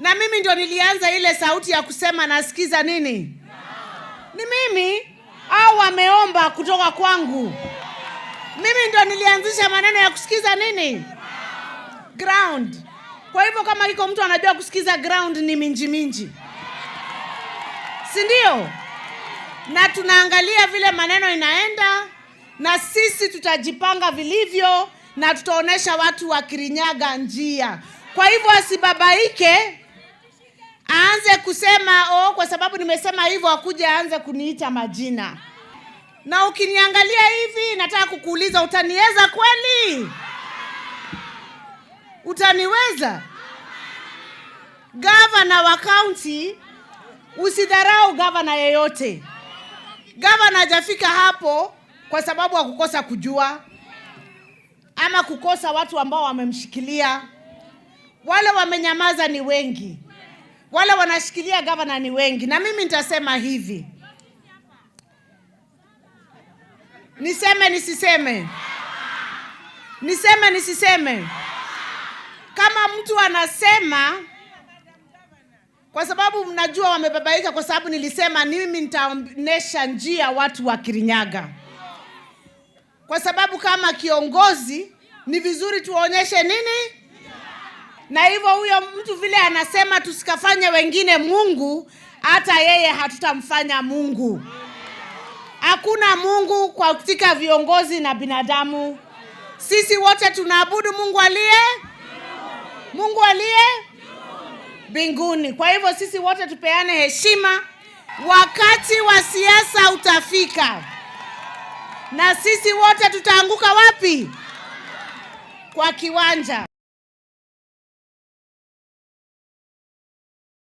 na mimi ndio nilianza ile sauti ya kusema nasikiza nini? Ni mimi au wameomba kutoka kwangu? Mimi ndio nilianzisha maneno ya kusikiza nini ground. Kwa hivyo kama iko mtu anajua kusikiza ground ni minji minji, si ndio? Na tunaangalia vile maneno inaenda, na sisi tutajipanga vilivyo, na tutaonyesha watu wa Kirinyaga njia. Kwa hivyo asibabaike aanze kusema oh, kwa sababu nimesema hivyo, akuja aanze kuniita majina. Na ukiniangalia hivi, nataka kukuuliza, utaniweza kweli? Utaniweza? Gavana wa kaunti, usidharau gavana yeyote. Gavana hajafika hapo kwa sababu ya kukosa kujua ama kukosa watu ambao wamemshikilia. Wale wamenyamaza ni wengi wale wanashikilia gavana ni wengi, na mimi nitasema hivi, niseme nisiseme, niseme nisiseme, kama mtu anasema kwa sababu mnajua wamebabaika, kwa sababu nilisema mimi nitaonesha njia watu wa Kirinyaga, kwa sababu kama kiongozi ni vizuri tuwaonyeshe nini na hivyo huyo mtu vile anasema tusikafanye wengine Mungu, hata yeye hatutamfanya Mungu. Hakuna Mungu katika viongozi na binadamu. Sisi wote tunaabudu Mungu aliye Mungu aliye mbinguni. Kwa hivyo sisi wote tupeane heshima. Wakati wa siasa utafika, na sisi wote tutaanguka wapi? Kwa kiwanja.